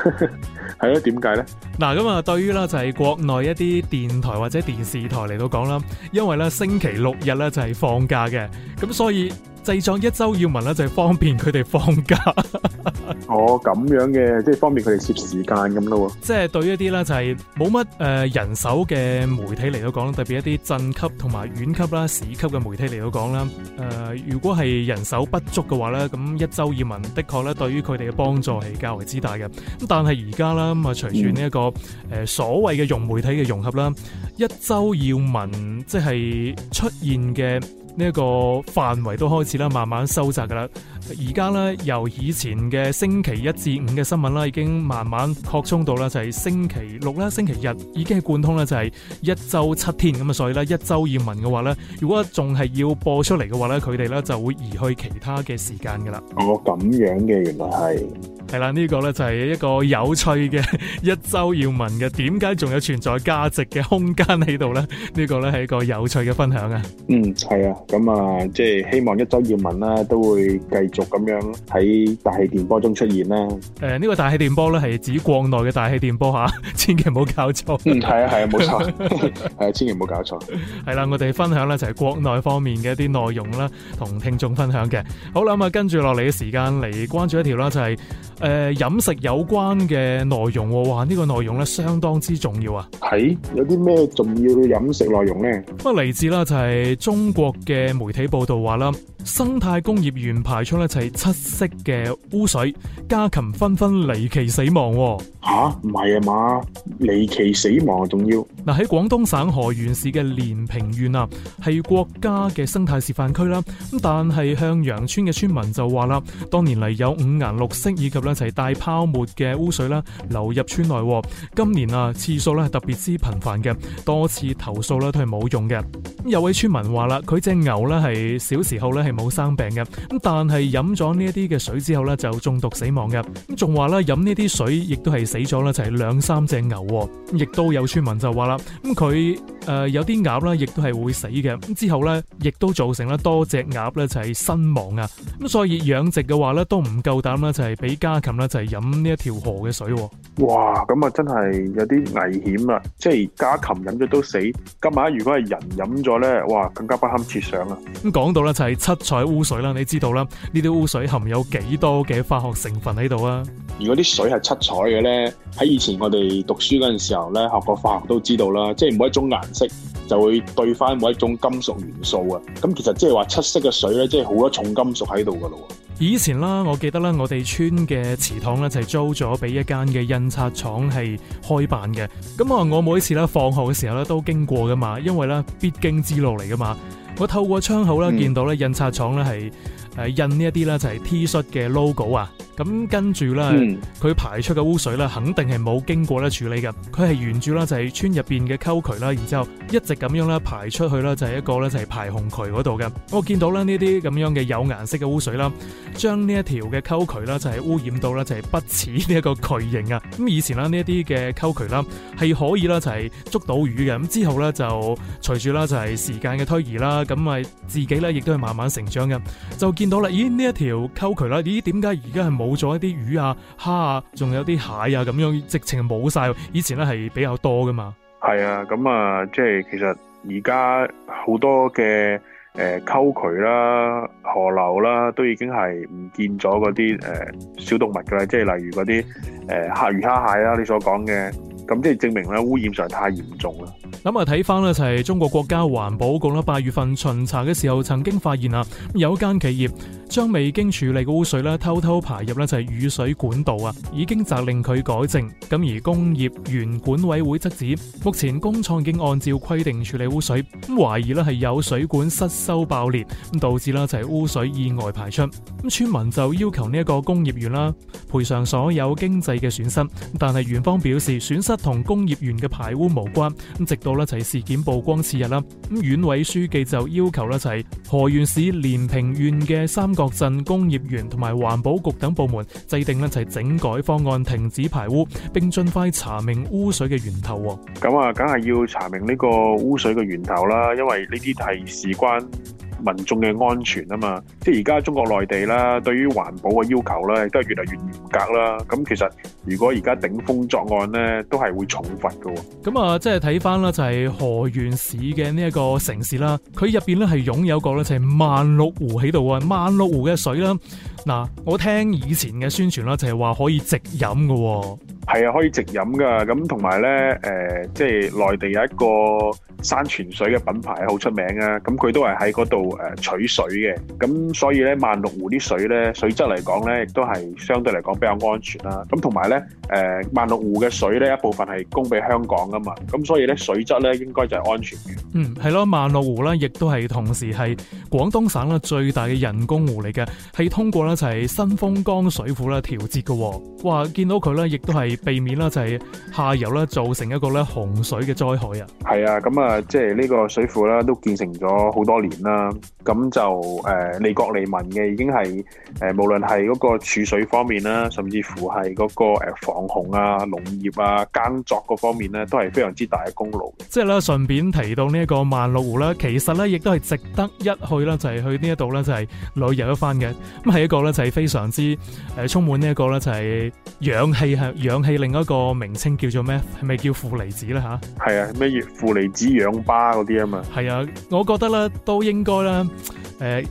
係 啊，點解咧？嗱，咁啊，對於咧就係、是、國內一啲電台或者電視台嚟到講啦，因為咧星期六日咧就係、是、放假嘅，咁所以。製作一周要聞咧，就係方便佢哋放假。哦、呃，咁樣嘅，即係方便佢哋節時間咁咯喎。即係對於一啲咧，就係冇乜誒人手嘅媒體嚟到講，特別一啲鎮級同埋縣級啦、市級嘅媒體嚟到講啦。誒、呃，如果係人手不足嘅話咧，咁一周要聞的確咧，對於佢哋嘅幫助係較為之大嘅。咁但係而家啦，咁啊隨住呢一個誒、呃、所謂嘅融媒體嘅融合啦，一周要聞即係出現嘅。呢一個範圍都開始啦，慢慢收窄噶啦。而家咧，由以前嘅星期一至五嘅新聞啦，已經慢慢擴充到啦，就係星期六啦、星期日已經係貫通啦，就係一周七天咁啊。所以咧，一周熱聞嘅話咧，如果仲係要播出嚟嘅話咧，佢哋咧就會移去其他嘅時間噶啦。我，咁樣嘅原來係。係啦，呢個呢就係一個有趣嘅一周要聞嘅，點解仲有存在價值嘅空間喺度咧？呢、這個呢係一個有趣嘅分享、嗯、啊！嗯，係啊，咁啊，即係希望一周要聞啦，都會繼續咁樣喺大氣電波中出現啦。誒、呃、呢、這個大氣電波呢係指國內嘅大氣電波吓、啊，千祈唔好搞錯。嗯，係啊，係啊，冇錯，係 千祈唔好搞錯。係啦、啊，我哋分享呢就係國內方面嘅一啲內容啦，同聽眾分享嘅。好啦，咁、嗯、啊，跟住落嚟嘅時間嚟關注一條啦，就係、是。誒，飲、呃、食有關嘅內容，話、這個、呢個內容咧相當之重要啊！係有啲咩重要嘅飲食內容咧？咁嚟、啊、自啦，就係、是、中國嘅媒體報道話啦，生態工業園排出咧就係、是、七色嘅污水，家禽紛紛離奇死亡、啊。吓、啊，唔係啊嘛？離奇死亡仲、啊、要嗱，喺廣、啊、東省河源市嘅連平縣啊，係國家嘅生態示範區啦。咁、啊、但係向陽村嘅村民就話啦，當年嚟有五顏六色以及咧。一齊帶泡沫嘅污水啦流入村內、哦，今年啊次數咧係特別之頻繁嘅，多次投訴咧都係冇用嘅。有位村民話啦，佢隻牛咧係小時候咧係冇生病嘅，咁但係飲咗呢一啲嘅水之後咧就中毒死亡嘅。咁仲話咧飲呢啲水亦都係死咗啦，就係兩三隻牛。亦都有村民就話啦，咁佢誒有啲鴨啦，亦都係會死嘅，之後咧亦都造成咧多隻鴨咧就係身亡啊。咁所以養殖嘅話咧都唔夠膽啦，就係俾家琴咧就係飲呢一條河嘅水，哦，哇！咁啊真係有啲危險啦，即係家禽飲咗都死，今晚如果係人飲咗咧，哇，更加不堪設想啦。咁講到咧就係七彩污水啦，你知道啦，呢啲污水含有幾多嘅化學成分喺度啊？如果啲水係七彩嘅咧，喺以前我哋讀書嗰陣時候咧學過化學都知道啦，即係每一種顏色就會對翻每一種金屬元素啊。咁其實即係話七色嘅水咧，即係好多重金屬喺度噶啦。以前啦，我記得咧，我哋村嘅祠堂咧就係租咗俾一間嘅印刷廠係開辦嘅。咁啊，我每次咧放學嘅時候咧都經過噶嘛，因為咧必經之路嚟噶嘛。我透過窗口咧見到咧印刷廠咧係。印呢一啲咧就係 T 恤嘅 logo 啊，咁、啊、跟住咧佢排出嘅污水咧肯定係冇經過咧處理嘅，佢係沿住啦就係、是、村入邊嘅溝渠啦，然之後一直咁樣咧排出去啦就係、是、一個咧就係、是、排洪渠嗰度嘅。我見到咧呢啲咁樣嘅有顏色嘅污水啦，將呢一條嘅溝渠啦就係、是、污染到啦就係、是、不似呢一個渠形啊。咁、嗯、以前啦呢一啲嘅溝渠啦係可以啦就係、是、捉到魚嘅，咁之後咧就隨住啦就係、是、時間嘅推移啦，咁咪、啊、自己咧亦都係慢慢成長嘅，就。見到啦，咦？呢一條溝渠啦，咦？點解而家係冇咗一啲魚啊、蝦啊，仲有啲蟹啊咁樣，直情冇晒？以前咧係比較多噶嘛。係啊，咁、嗯、啊，即係其實而家好多嘅誒溝渠啦、河流啦，都已經係唔見咗嗰啲誒小動物噶啦，即係例如嗰啲誒蝦魚蝦蟹啦，你所講嘅。咁即係證明咧污染上太嚴重啦。咁啊睇翻呢就係中國國家環保局咧八月份巡查嘅時候，曾經發現啊有一間企業將未經處理嘅污水咧偷偷排入呢就係雨水管道啊，已經責令佢改正。咁而工業園管委會則指，目前工廠已經按照規定處理污水，咁懷疑呢係有水管失修爆裂咁導致啦就係污水意外排出。咁村民就要求呢一個工業園啦賠償所有經濟嘅損失，但係園方表示損失。同工業園嘅排污無關咁，直到呢一齊事件曝光次日啦，咁縣委書記就要求呢一齊河源市連平縣嘅三角鎮工業園同埋環保局等部門制定呢一齊整改方案，停止排污，並盡快查明污水嘅源頭。咁啊，梗係要查明呢個污水嘅源頭啦，因為呢啲係事關民眾嘅安全啊嘛，即係而家中國內地啦，對於環保嘅要求咧，都係越嚟越嚴格啦。咁其實如果而家頂風作案咧，都係會重罰嘅喎。咁啊，即係睇翻啦，就係、是、河源市嘅呢一個城市啦，佢入邊咧係擁有個咧就係萬綠湖喺度啊，萬綠湖嘅水啦，嗱、啊，我聽以前嘅宣傳啦，就係話可以直飲嘅喎。係啊，可以直飲噶，咁同埋咧，誒，即係內地有一個山泉水嘅品牌，好出名啊。咁佢都係喺嗰度誒取水嘅，咁所以咧，萬綠湖啲水咧水質嚟講咧，亦都係相對嚟講比較安全啦。咁同埋咧，誒，萬綠湖嘅水咧一部分係供俾香港噶嘛，咁所以咧水質咧應該就係安全嘅。嗯，係咯，萬綠湖咧亦都係同時係廣東省咧最大嘅人工湖嚟嘅，係通過咧就係新豐江水庫咧調節噶。哇，見到佢咧亦都係。避免啦，就係下游啦，造成一個咧洪水嘅災害啊！係啊，咁啊，即係呢個水庫啦，都建成咗好多年啦。咁就誒利國利民嘅，已經係誒無論係嗰個儲水方面啦，甚至乎係嗰個誒防洪啊、農業啊、耕作嗰方面咧，都係非常之大嘅功勞。即係咧，順便提到呢一個萬綠湖啦，其實咧亦都係值得一去啦，就係去呢一度咧，就係旅遊一番嘅。咁係一個咧，就係非常之誒充滿呢一個咧，就係氧氣係氧氣，另一個名稱叫做咩？係咪叫負離子咧？嚇？係啊，咩叫負離子氧吧嗰啲啊嘛？係啊，我覺得咧都應該啦。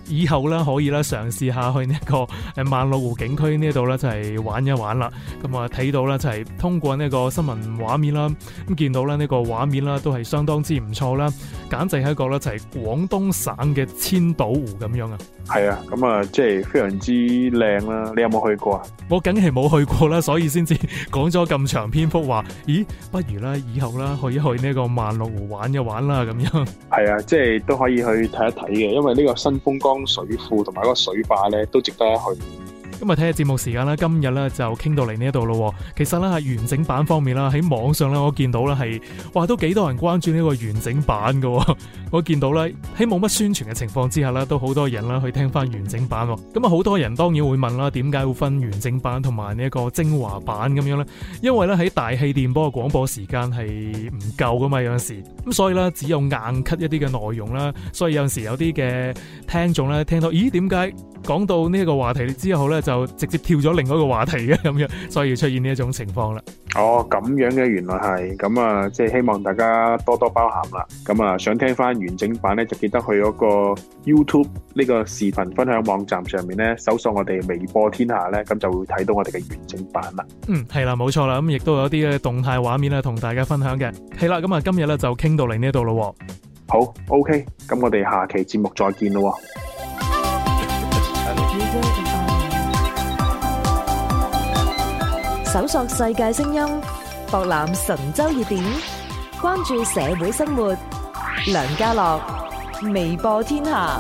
以後咧可以咧嘗試下去呢個誒萬綠湖景區呢度呢就係玩一玩啦。咁啊睇到呢就係通過呢個新聞畫面啦，咁見到咧呢個畫面啦，都係相當之唔錯啦，簡直係一個呢就係廣東省嘅千島湖咁樣啊。係啊，咁、嗯、啊，即係非常之靚啦、啊。你有冇去過啊？我梗係冇去過啦，所以先至講咗咁長篇幅話，咦，不如啦，以後啦，去一去呢個萬綠湖玩一玩啦，咁樣。係啊，即係都可以去睇一睇嘅，因為呢個新豐江水庫同埋嗰個水壩咧，都值得一去。今日睇下節目時間啦，今日咧就傾到嚟呢度咯。其實咧係完整版方面啦，喺網上咧我見到咧係，哇都幾多人關注呢個完整版噶、哦。 我見到咧喺冇乜宣傳嘅情況之下咧，都好多人啦去聽翻完,完整版、哦。咁、嗯、啊，好多人當然會問啦，點解會分完整版同埋呢一個精華版咁樣咧？因為咧喺大氣電波嘅廣播時間係唔夠噶嘛，有陣時咁所以咧只有硬 cut 一啲嘅內容啦。所以有陣時有啲嘅聽眾咧聽到，咦，點解講到呢一個話題之後咧就就直接跳咗另外一個話題嘅咁樣， 所以出現呢一種情況啦。哦，咁樣嘅原來係咁啊，即係希望大家多多包涵啦。咁啊，想聽翻完,完整版咧，就記得去嗰個 YouTube 呢個視頻分享網站上面咧，搜索，我哋微播天下咧，咁就會睇到我哋嘅完整版啦。嗯，係啦，冇錯啦，咁亦都有啲嘅動態畫面啊，同大家分享嘅。係啦，咁啊，今日咧就傾到嚟呢度咯。好，OK，咁我哋下期節目再見咯。 搜索世界聲音，博覽神州熱點，關注社會生活。梁家樂，微播天下。